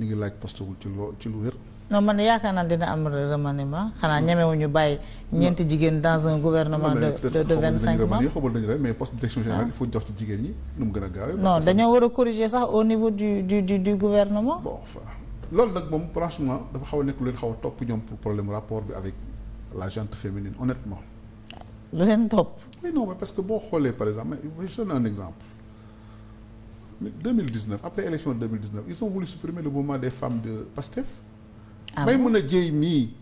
ñu ngi laaj post wul ci loo ci lu wér. non man yaakaar dina am remaniement xanaa ñemewuñu bàyyi ñeenti jigéen dans un gouvernement de de vingt cinq membres yi xobal nañu rek mais poste direction générale ah. il faut jox ci jigéen ñi nu mu gën a gaawee non dañoo war a corriger sax au niveau du gouvernement bon nag moom franchement dafa xaw a nekk lu leen xaw a topp ñoom pour problème rapport bi avec la gente féminine honnêtement lu leen topp oui non boo xoolee par exemple mais 2019 après élection 2019 is ont voulu supprimer le mouvement des femmes de PASTEF. ah may mën a jéy mii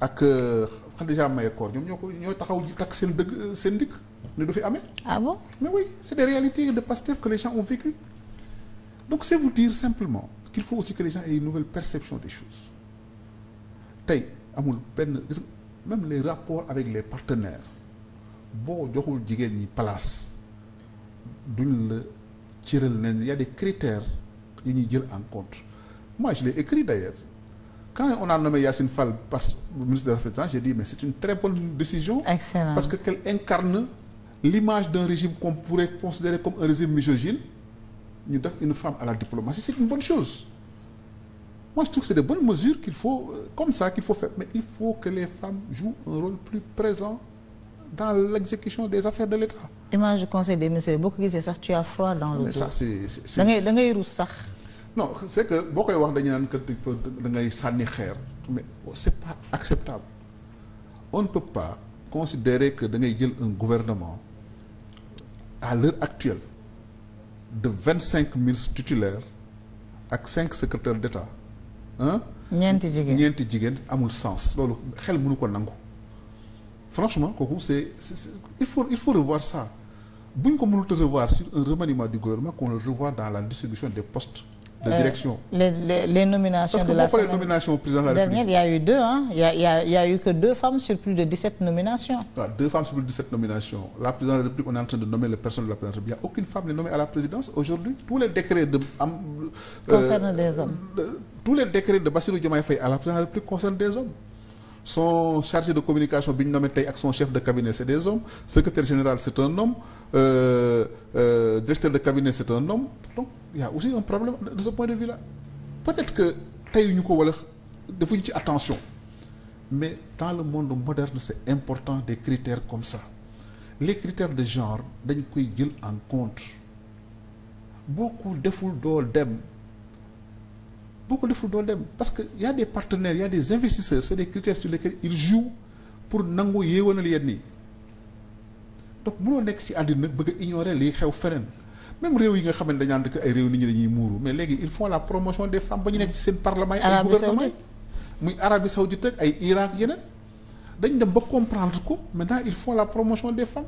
ak euh, Khadija Mahécor ñoom ñoo ko ñoo taxaw takk seen dëgg euh, seen dikk ne du fi amee. ah bon mais oui c'est des réalités de PASTEF que les gens ont vécu donc c'est vous dire simplement qu'il faut aussi que les gens aient une nouvelle perception des choses tey amul benn même les rapports avec les partenaires boo joxul jigéen ñi place duñ la. cëral nañ il y des critères yu ñuy jël en compte moi je l'ai écrit d'ailleurs quand on a nommé Yacine Fall par ministre des Affaires étrangères j'ai dit mais c'est une très bonne décision Excellent. parce que qu'elle incarne l'image d'un régime qu'on pourrait considérer comme un régime misogyne ñu def une femme à la diplomatie c'est une bonne chose moi je trouve que qu'il faut euh, comme ça qu'il faut faire mais il faut que les femmes jouent un rôle dans l'exécution des affaires de l'État. image du conseil des ministres boo ko gisee sax tu as froid dans le dos. c'est da ngay da ruus sax. no c'est que boo koy wax dañu naan que da ngay sànni xeer mais c'est pas acceptable on ne pas considérer que da ngay jël un gouvernement à l'heure actuelle de vingt cinq ministres titulaires ak cinq secrétaires d'État ah. ñeenti jigéen ñeenti jigéen amul sens loolu xel mënu ko nangu. franchement kooku c'est il faut il faut revoir ça bu ñu ko revoir sur un remaniement du gouvernement qu'on le revoie dans la distribution des postes de euh, direction les, nominations de la semaine y a eu deux hein y a eu deux femmes sur plus de 17 nominations deux femmes sur plus de 17 nominations la présidente de on est en de nommer les personnes de la présidence il n'y a aucune femme n'est nommée à la présidence aujourd'hui tous les décrets de euh, son chargé de communication bi ñu nommé tey ak son chef de cabinet c'est des hommes secrétaire général c'est un homme euh, euh, directeur de cabinet c'est un homme donc a aussi un problème de ce point de vue là peut-être que tey ñu ko wala defuñu ci attention mais dans le monde moderne c'est important des critère comme sax les critères de genre dañ koy jël en compte beaucoup deful doo dem boo ko deful doo dem parce que y a des partenaires y a des investisseurs c'est des critères sur lesquels ils jouent pour nangu yéewanal yenn yi donc munoo nekk ci àddina nag bëgg a ignorer liy xew feneen même réew yi nga xam ne dañu naan ay réew nit ñi dañuy muuru mais léegi la promotion des femmes ba ñu nekk ci seen parlement yi ay gouvernement yeneen dañ dem ba comprendre ko maintenant ils faut la promotion des femmes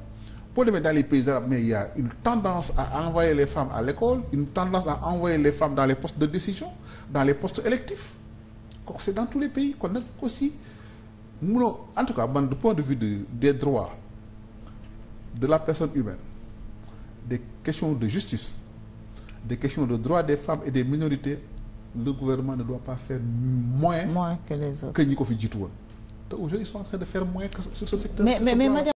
boo demee dans les pays arabes mais il y a une tendance à envoyer les femmes à l'école une tendance à envoyer les femmes dans les postes de décision dans les postes électifs kon c'est dans tous les pays kon aussi munoo en tout cas man du point de vue de des droits de la personne humaine des questions de justice des questions de droits des femmes et des minorités le gouvernement ne doit pas faire moins. moins que les autres que ñi ko